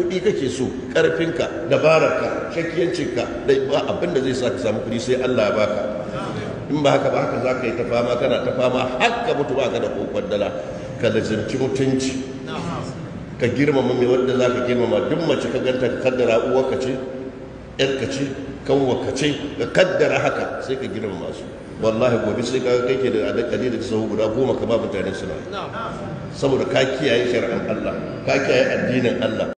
kuɗi kake so ƙarfinka bararka shakiyancinka. da abin da zai sa ka samu kuɗi sai Allah ya baka in ba haka ba haka za ka yi ta fama kana ta fama haka mutu ba ka da kokon dala ka lazimci mutunci ka girmama mai wanda za ka girmama duk mace ka ganta ka kaddara ka ce ka ce ka ce ka kaddara haka sai ka girmama su wallahi gobe sai ka kai ke da adadi da sahu guda goma ka ba mutane suna saboda ka kiyaye shari'an Allah ka kiyaye addinin Allah